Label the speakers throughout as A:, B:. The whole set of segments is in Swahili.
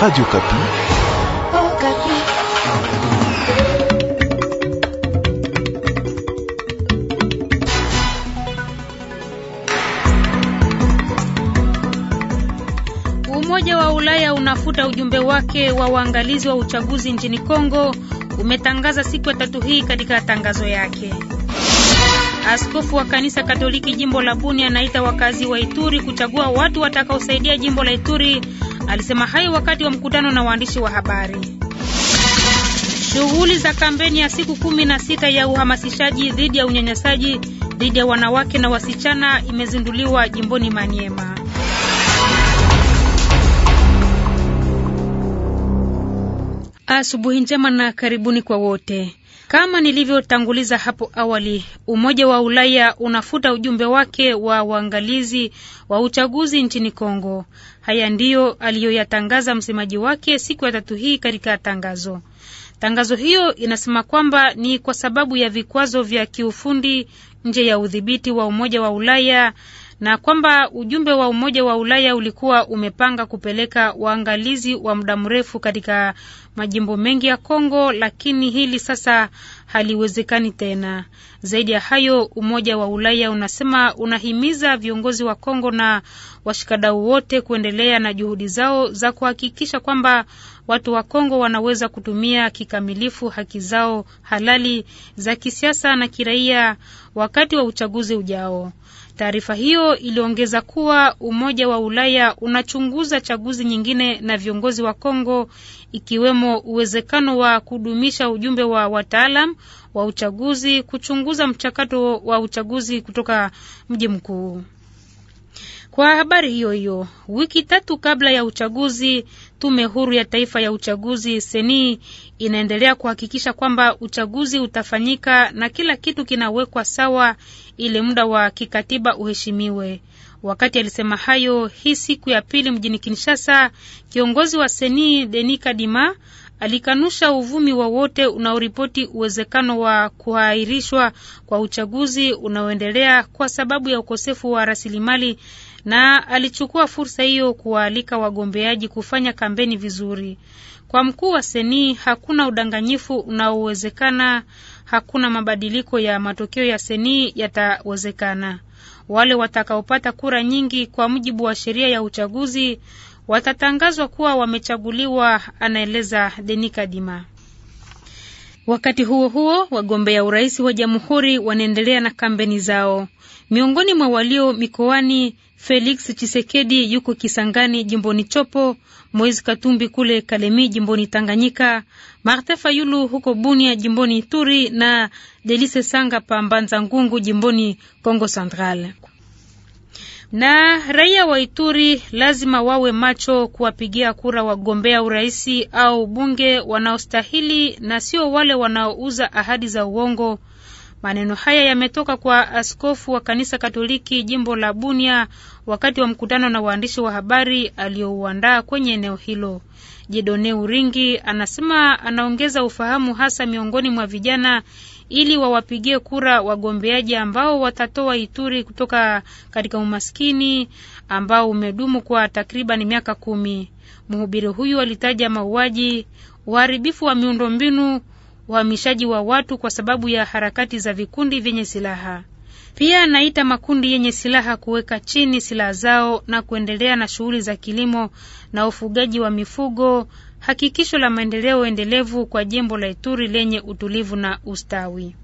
A: Radio Kapi. Oh,
B: Kapi. Umoja wa Ulaya unafuta ujumbe wake wa waangalizi wa uchaguzi nchini Kongo umetangaza siku ya tatu hii katika tangazo yake. Askofu wa kanisa Katoliki jimbo la Buni anaita wakazi wa Ituri kuchagua watu watakaosaidia jimbo la Ituri Alisema hayo wakati wa mkutano na waandishi wa habari. Shughuli za kampeni ya siku kumi na sita ya uhamasishaji dhidi ya unyanyasaji dhidi ya wanawake na wasichana imezinduliwa jimboni Maniema. Asubuhi njema na karibuni kwa wote. Kama nilivyotanguliza hapo awali, Umoja wa Ulaya unafuta ujumbe wake wa uangalizi wa uchaguzi nchini Kongo. Haya ndiyo aliyoyatangaza msemaji wake siku ya tatu hii katika tangazo. Tangazo hiyo inasema kwamba ni kwa sababu ya vikwazo vya kiufundi nje ya udhibiti wa Umoja wa Ulaya na kwamba ujumbe wa Umoja wa Ulaya ulikuwa umepanga kupeleka waangalizi wa muda mrefu katika majimbo mengi ya Kongo, lakini hili sasa haliwezekani tena. Zaidi ya hayo, Umoja wa Ulaya unasema unahimiza viongozi wa Kongo na washikadau wote kuendelea na juhudi zao za kuhakikisha kwamba watu wa Kongo wanaweza kutumia kikamilifu haki zao halali za kisiasa na kiraia wakati wa uchaguzi ujao. Taarifa hiyo iliongeza kuwa Umoja wa Ulaya unachunguza chaguzi nyingine na viongozi wa Kongo, ikiwemo uwezekano wa kudumisha ujumbe wa wataalam wa uchaguzi kuchunguza mchakato wa uchaguzi kutoka mji mkuu. Kwa habari hiyo hiyo, wiki tatu kabla ya uchaguzi, Tume Huru ya Taifa ya Uchaguzi seni inaendelea kuhakikisha kwamba uchaguzi utafanyika na kila kitu kinawekwa sawa ili muda wa kikatiba uheshimiwe. Wakati alisema hayo hii siku ya pili mjini Kinshasa, kiongozi wa seni Denis Kadima alikanusha uvumi wowote unaoripoti uwezekano wa kuahirishwa kwa uchaguzi unaoendelea kwa sababu ya ukosefu wa rasilimali na alichukua fursa hiyo kuwaalika wagombeaji kufanya kampeni vizuri. Kwa mkuu wa seni, hakuna udanganyifu unaowezekana, hakuna mabadiliko ya matokeo ya seni yatawezekana. Wale watakaopata kura nyingi kwa mujibu wa sheria ya uchaguzi watatangazwa kuwa wamechaguliwa, anaeleza Denika Dima. Wakati huo huo, wagombea urais wa jamhuri wanaendelea na kampeni zao. Miongoni mwa walio mikoani Felix Chisekedi yuko Kisangani jimboni Chopo, Moise Katumbi kule Kalemi jimboni Tanganyika, Marte Fayulu huko Bunia jimboni Ituri na Delise Sanga pa Mbanza Ngungu jimboni Kongo Central. Na raia wa Ituri lazima wawe macho kuwapigia kura wagombea uraisi au bunge wanaostahili na sio wale wanaouza ahadi za uongo Maneno haya yametoka kwa askofu wa kanisa Katoliki jimbo la Bunia wakati wa mkutano na waandishi wa habari aliyouandaa kwenye eneo hilo. Jedone Uringi anasema anaongeza ufahamu hasa miongoni mwa vijana ili wawapigie kura wagombeaji ambao watatoa Ituri kutoka katika umaskini ambao umedumu kwa takriban miaka kumi. Mhubiri huyu alitaja mauaji, uharibifu wa miundombinu, uhamishaji wa watu kwa sababu ya harakati za vikundi vyenye silaha. Pia anaita makundi yenye silaha kuweka chini silaha zao na kuendelea na shughuli za kilimo na ufugaji wa mifugo, hakikisho la maendeleo endelevu kwa jimbo la Ituri lenye utulivu na ustawi.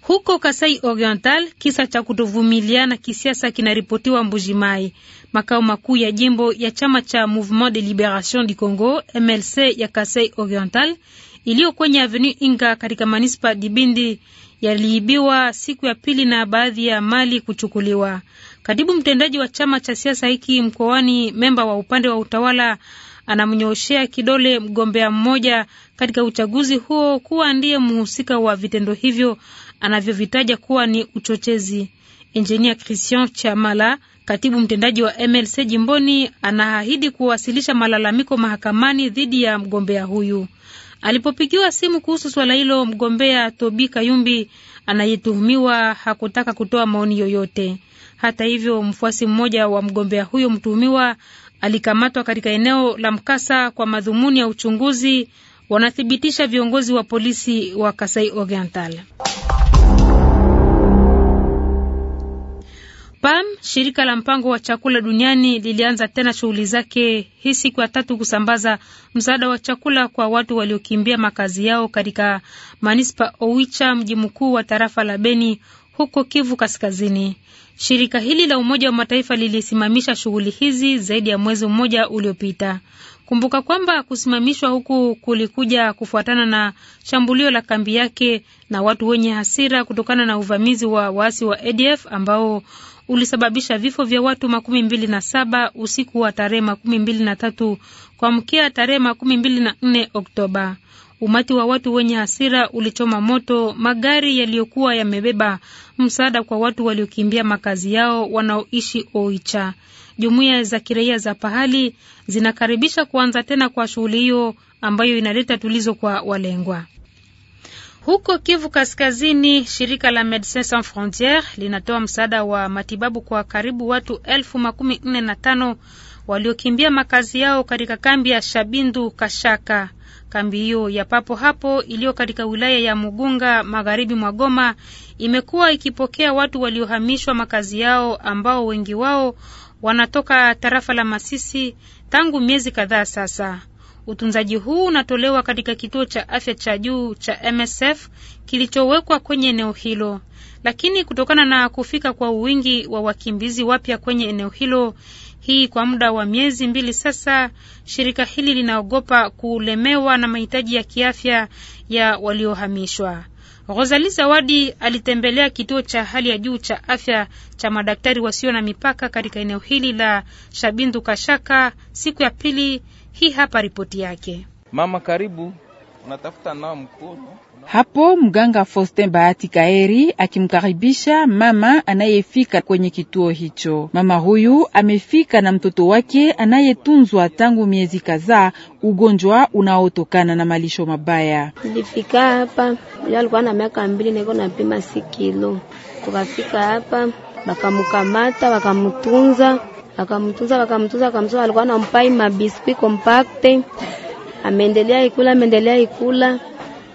B: Huko Kasai Oriental, kisa cha kutovumiliana kisiasa kinaripotiwa Mbujimai, makao makuu ya jimbo ya chama cha Mouvement de Liberation du Congo MLC ya Kasai Oriental iliyo kwenye Avenue Inga katika manispa Dibindi yaliibiwa siku ya pili na baadhi ya mali kuchukuliwa. Katibu mtendaji wa chama cha siasa hiki mkoani, memba wa upande wa utawala, anamnyooshea kidole mgombea mmoja katika uchaguzi huo kuwa ndiye mhusika wa vitendo hivyo anavyovitaja kuwa ni uchochezi. Engineer Christian Chamala, katibu mtendaji wa MLC jimboni, anaahidi kuwasilisha malalamiko mahakamani dhidi ya mgombea huyu. Alipopigiwa simu kuhusu swala hilo, mgombea Tobi Kayumbi anayetuhumiwa hakutaka kutoa maoni yoyote. Hata hivyo, mfuasi mmoja wa mgombea huyo mtuhumiwa alikamatwa katika eneo la mkasa kwa madhumuni ya uchunguzi, wanathibitisha viongozi wa polisi wa Kasai Oriental. PAM, shirika la mpango wa chakula duniani, lilianza tena shughuli zake hii siku ya tatu kusambaza msaada wa chakula kwa watu waliokimbia makazi yao katika manispa Owicha, mji mkuu wa tarafa la Beni huko Kivu Kaskazini. Shirika hili la Umoja wa Mataifa lilisimamisha shughuli hizi zaidi ya mwezi mmoja uliopita. Kumbuka kwamba kusimamishwa huku kulikuja kufuatana na shambulio la kambi yake na watu wenye hasira kutokana na uvamizi wa waasi wa ADF ambao ulisababisha vifo vya watu makumi mbili na saba usiku wa tarehe makumi mbili na tatu kuamkia tarehe makumi mbili na nne Oktoba. Umati wa watu wenye hasira ulichoma moto magari yaliyokuwa yamebeba msaada kwa watu waliokimbia makazi yao wanaoishi Oicha. Jumuiya za kiraia za pahali zinakaribisha kuanza tena kwa shughuli hiyo ambayo inaleta tulizo kwa walengwa. Huko Kivu Kaskazini, shirika la Medecins Sans Frontieres linatoa msaada wa matibabu kwa karibu watu elfu makumi nne na tano waliokimbia makazi yao katika kambi ya Shabindu Kashaka. Kambi hiyo ya papo hapo iliyo katika wilaya ya Mugunga magharibi mwa Goma imekuwa ikipokea watu waliohamishwa makazi yao ambao wengi wao wanatoka tarafa la Masisi tangu miezi kadhaa sasa. Utunzaji huu unatolewa katika kituo cha afya cha juu cha MSF kilichowekwa kwenye eneo hilo, lakini kutokana na kufika kwa wingi wa wakimbizi wapya kwenye eneo hilo hii kwa muda wa miezi mbili sasa, shirika hili linaogopa kulemewa na mahitaji ya kiafya ya waliohamishwa. rosali Zawadi alitembelea kituo cha hali ya juu cha afya cha madaktari wasio na mipaka katika eneo hili la Shabindu Kashaka siku ya pili hii hapa ripoti yake.
A: Mama karibu, unatafuta nao mkono
B: hapo. Mganga Faustin Bahati Kaeri akimkaribisha mama anayefika kwenye kituo hicho. Mama huyu amefika na mtoto wake anayetunzwa tangu miezi kadhaa, ugonjwa unaotokana na malisho mabaya. Nilifika hapa alikuwa na miaka mbili, niko napima si kilo, tukafika hapa bakamkamata, bakamtunza wakamtunza wakamtunza wakamtunza, alikuwa nampai mabiskuit compacte, ameendelea ikula ameendelea ikula,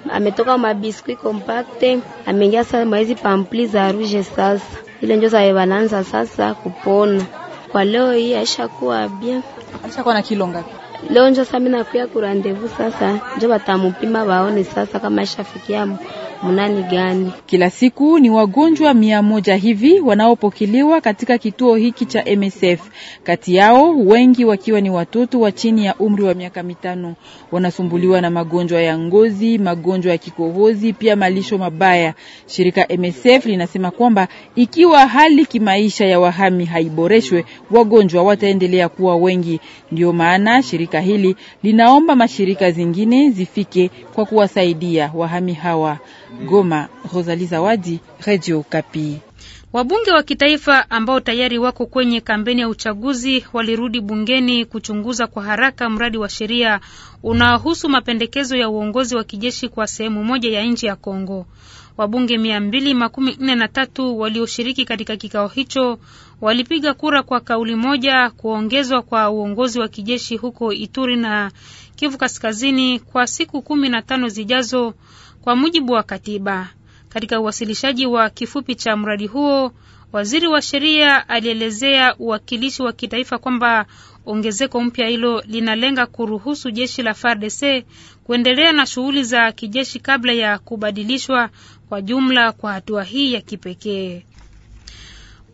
B: ametoka mabiskuit compacte, ameingia sasa mwezi pampli za rouge. Sasa ile ndio sasa bananza sasa kupona. Kwa leo hii aisha kuwa bien, aisha kuwa na kilo ngapi? Leo ndio sasa mimi nakuya kurandevu sasa, ndio batamupima baone sasa kama aishafikia mnani gani. Kila siku ni wagonjwa mia moja hivi wanaopokelewa katika kituo hiki cha MSF, kati yao wengi wakiwa ni watoto wa chini ya umri wa miaka mitano. Wanasumbuliwa na magonjwa ya ngozi, magonjwa ya kikohozi, pia malisho mabaya. Shirika MSF linasema kwamba ikiwa hali kimaisha ya wahami haiboreshwe, wagonjwa wataendelea kuwa wengi. Ndio maana shirika hili linaomba mashirika zingine zifike kwa kuwasaidia wahami hawa. Goma, Rosalie Zawadi, Radio Kapi. Wabunge wa kitaifa ambao tayari wako kwenye kampeni ya uchaguzi walirudi bungeni kuchunguza kwa haraka mradi wa sheria unaohusu mapendekezo ya uongozi wa kijeshi kwa sehemu moja ya nchi ya Kongo. Wabunge mia mbili makumi nne na tatu walioshiriki katika kikao hicho walipiga kura kwa kauli moja kuongezwa kwa uongozi wa kijeshi huko Ituri na Kivu Kaskazini kwa siku kumi na tano zijazo kwa mujibu wa katiba, katika uwasilishaji wa kifupi cha mradi huo, waziri wa sheria alielezea uwakilishi wa kitaifa kwamba ongezeko mpya hilo linalenga kuruhusu jeshi la FARDC kuendelea na shughuli za kijeshi kabla ya kubadilishwa kwa jumla kwa hatua hii ya kipekee.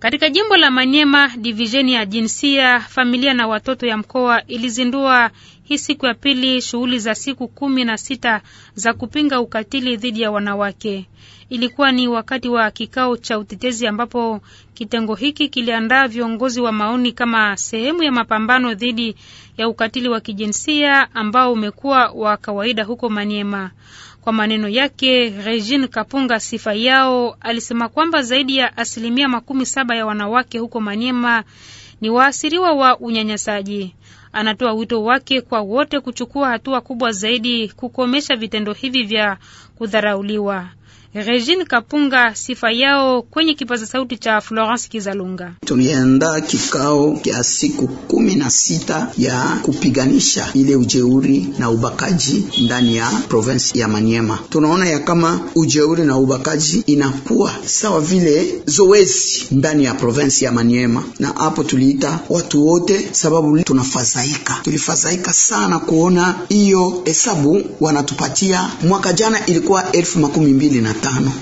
B: Katika jimbo la Manyema, divisheni ya jinsia, familia na watoto ya mkoa ilizindua hii siku ya pili shughuli za siku kumi na sita za kupinga ukatili dhidi ya wanawake. Ilikuwa ni wakati wa kikao cha utetezi ambapo kitengo hiki kiliandaa viongozi wa maoni kama sehemu ya mapambano dhidi ya ukatili wa kijinsia ambao umekuwa wa kawaida huko Manyema. Kwa maneno yake, Regine Kapunga sifa yao alisema kwamba zaidi ya asilimia makumi saba ya wanawake huko Maniema ni waasiriwa wa unyanyasaji. Anatoa wito wake kwa wote kuchukua hatua kubwa zaidi kukomesha vitendo hivi vya kudharauliwa. Regine Kapunga, sifa yao kwenye kipaza sauti cha Florence Kizalunga.
C: tulienda kikao kya siku kumi na sita ya kupiganisha ile ujeuri na ubakaji ndani ya province ya Maniema. Tunaona ya kama ujeuri na ubakaji inakuwa sawa vile zoezi ndani ya province ya Maniema, na hapo tuliita watu wote, sababu tunafadhaika, tulifadhaika sana kuona hiyo hesabu wanatupatia. Mwaka jana ilikuwa elfu makumi mbili na tano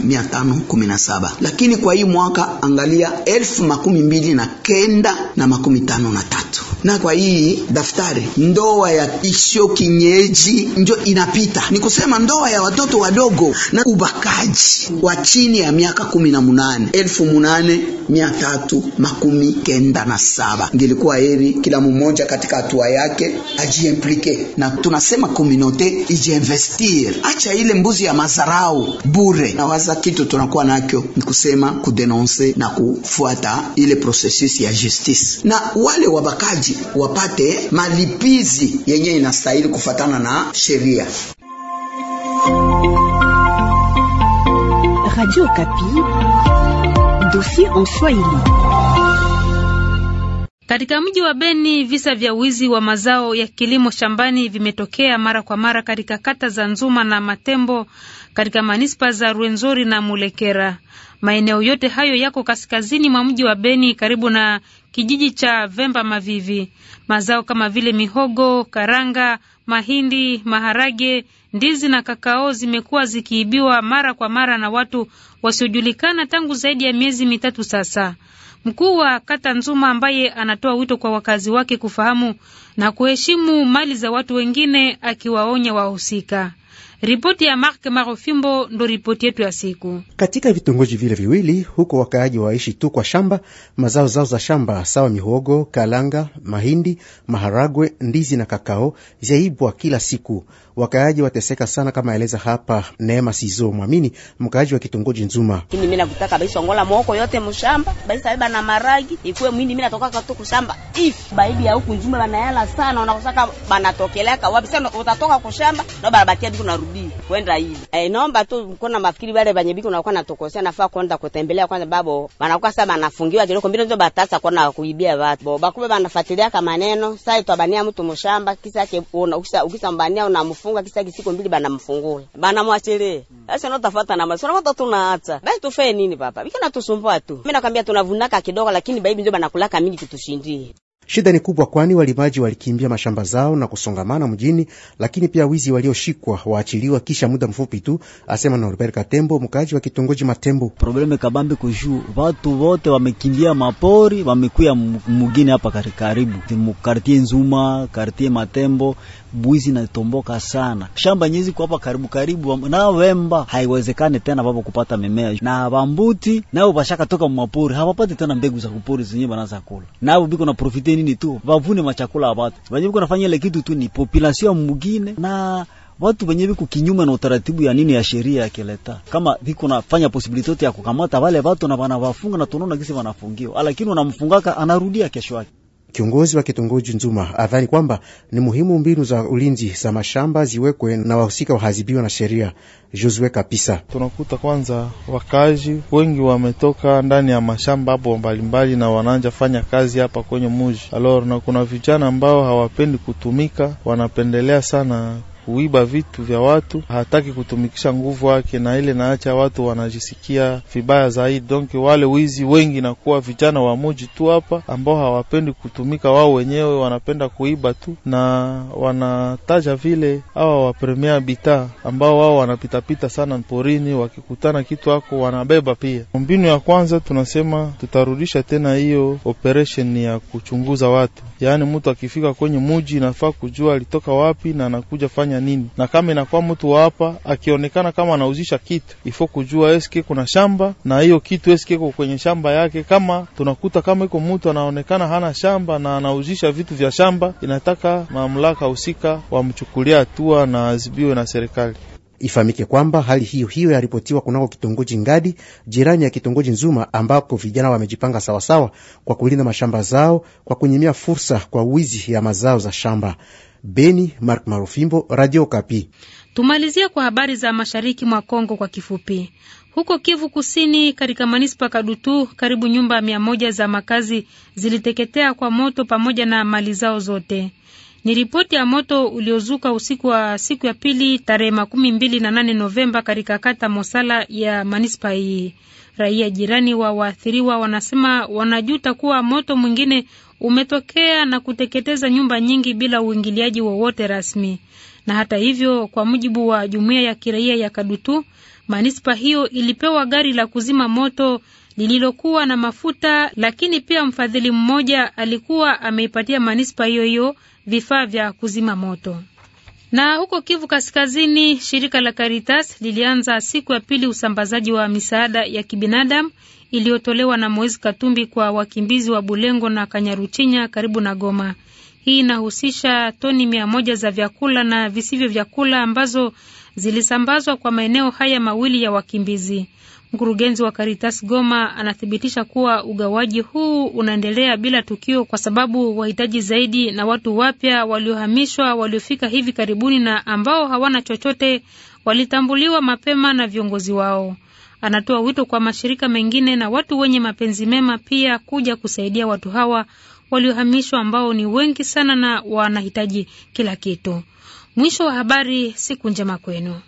C: lakini kwa hii mwaka angalia elfu makumi mbili na kenda na makumi tano na tatu na kwa hii daftari ndoa ya isio kinyeji njo inapita ni kusema ndoa ya watoto wadogo na ubakaji wa chini ya miaka kumi na munane elfu munane mia tatu makumi kenda na saba ngilikuwa heri kila mmoja katika hatua yake ajiimplike na tunasema kominote ijiinvestir acha ile mbuzi ya mazarau bure bure. Nawaza kitu tunakuwa nakyo ni kusema kudenonse na kufuata ile processus ya justice, na wale wabakaji wapate malipizi yenye inastahili kufatana na sheria.
B: Radio Kapi, dossier en Swahili. Katika mji wa Beni, visa vya wizi wa mazao ya kilimo shambani vimetokea mara kwa mara katika kata za Nzuma na Matembo katika manispa za ruenzori na Mulekera. Maeneo yote hayo yako kaskazini mwa mji wa Beni karibu na kijiji cha Vemba Mavivi. Mazao kama vile mihogo, karanga, mahindi, maharage, ndizi na kakao zimekuwa zikiibiwa mara kwa mara na watu wasiojulikana tangu zaidi ya miezi mitatu sasa. Mkuu wa kata Nzuma, ambaye anatoa wito kwa wakazi wake kufahamu na kuheshimu mali za watu wengine, akiwaonya wahusika. Ripoti ya Mark Marofimbo ndo ripoti yetu ya siku.
D: Katika vitongoji vile viwili huko, wakaaji waishi tu kwa shamba mazao zao za shamba sawa mihogo, kalanga, mahindi, maharagwe, ndizi na kakao zaibwa kila siku wakaaji wateseka sana, kama eleza hapa Neema Sizo Mwamini, mkaaji wa kitongoji Nzuma.
B: Mimi mimi nakutaka basi ongola moko yote mshamba basi baiba na maragi ikuwe mimi mimi natoka kwa kato shamba if baibi ya huku Nzuma banayala sana, unakosaka banatokeleka wapi sana, utatoka kwa shamba na barabatia biko narudi kwenda hivi eh, naomba tu mko na mafikiri wale banye banyebiko unakuwa natokosea, nafaa kwenda kutembelea kwanza babo wanakuwa sasa banafungiwa kiloko mbili ndio batasa kona kuibia watu bo bakube banafuatilia kama neno sasa itabania mtu mshamba kisa yake ukisa ukisa ukisambania unamfu kufunga kisa kisiko mbili banamfungula mfungula bana mwachele sasa mm. Unatafuta na masura moto tunaacha basi tufe nini papa bikana tusumbua tu. Mimi nakwambia tunavunaka kidogo, lakini baibi ndio banakulaka mimi kitushindie
D: Shida ni kubwa, kwani walimaji walikimbia mashamba zao na kusongamana mjini, lakini pia wizi walioshikwa waachiliwa kisha muda mfupi tu, asema Norbert Katembo, mkaaji wa kitongoji Matembo. Probleme kabambi kushu, watu wote wamekimbia
C: mapori, wamekuya mugini hapa karikaribu mukartie Nzuma, kartie Matembo, bwizi natomboka sana, shamba nyizi kwa hapa karibu karibu na Wemba, haiwezekani tena babo kupata mimea na bambuti nao bashaka toka mapori, hawapati tena mbegu za kupori zenyewe banaza kula nao biko na profiti nini tu bavune machakula watu venye biko nafanya ile kitu tu ni population ya mugine na watu venye biko kinyume na utaratibu ya nini ya sheria ya kileta, kama biko nafanya yote ya kukamata wale watu na wanawafunga, na tunaona kisi wanafungiwa,
D: lakini unamfungaka anarudia kesho yake. Kiongozi wa kitongoji Nzuma adhani kwamba ni muhimu mbinu za ulinzi za mashamba ziwekwe na wahusika wahazibiwa na sheria. Josue
A: Kapisa: tunakuta kwanza wakazi wengi wametoka ndani ya mashamba hapo mbalimbali, na wananja fanya kazi hapa kwenye muji alor, na kuna vijana ambao hawapendi kutumika, wanapendelea sana kuiba vitu vya watu, hataki kutumikisha nguvu yake, na ile naacha watu wanajisikia vibaya zaidi. Donc wale wizi wengi nakuwa vijana wa muji tu hapa, ambao hawapendi kutumika wao wenyewe, wanapenda kuiba tu, na wanataja vile hawa wa premier bita ambao wao wanapitapita sana porini, wakikutana kitu ako wanabeba pia. Mbinu ya kwanza tunasema tutarudisha tena hiyo operation ya kuchunguza watu, yaani mtu akifika kwenye muji inafaa kujua alitoka wapi na anakuja fanya na nini, na kama inakuwa mtu hapa akionekana kama anauzisha kitu, ifo kujua eske kuna shamba na hiyo kitu eske iko kwenye shamba yake. Kama tunakuta kama iko mtu anaonekana hana shamba na anauzisha vitu vya shamba, inataka mamlaka husika wamchukulia hatua na azibiwe na serikali.
D: Ifahamike kwamba hali hiyo hiyo yaripotiwa kunako kitongoji Ngadi, jirani ya kitongoji Nzuma, ambako vijana wamejipanga sawasawa kwa kulinda mashamba zao kwa kunyimia fursa kwa wizi ya mazao za shamba. Beni, Mark Marufimbo, Radio Kapi.
B: Tumalizia kwa habari za mashariki mwa Kongo kwa kifupi. Huko Kivu Kusini, katika manispa Kadutu, karibu nyumba mia moja za makazi ziliteketea kwa moto pamoja na mali zao zote. Ni ripoti ya moto uliozuka usiku wa siku ya pili tarehe makumi mbili na nane Novemba katika kata Mosala ya manispa hii. Raia jirani wa waathiriwa wanasema wanajuta kuwa moto mwingine umetokea na kuteketeza nyumba nyingi bila uingiliaji wowote rasmi. Na hata hivyo, kwa mujibu wa jumuiya ya kiraia ya Kadutu, manispa hiyo ilipewa gari la kuzima moto lililokuwa na mafuta, lakini pia mfadhili mmoja alikuwa ameipatia manispa hiyo hiyo vifaa vya kuzima moto. Na huko Kivu Kaskazini, shirika la Caritas lilianza siku ya pili usambazaji wa misaada ya kibinadamu iliyotolewa na Moise Katumbi kwa wakimbizi wa Bulengo na kanyaruchinya karibu na Goma. Hii inahusisha toni mia moja za vyakula na visivyo vyakula ambazo zilisambazwa kwa maeneo haya mawili ya wakimbizi. Mkurugenzi wa Caritas Goma anathibitisha kuwa ugawaji huu unaendelea bila tukio, kwa sababu wahitaji zaidi na watu wapya waliohamishwa waliofika hivi karibuni na ambao hawana chochote walitambuliwa mapema na viongozi wao. Anatoa wito kwa mashirika mengine na watu wenye mapenzi mema pia kuja kusaidia watu hawa waliohamishwa ambao ni wengi sana na wanahitaji kila kitu. Mwisho wa habari. Siku njema kwenu.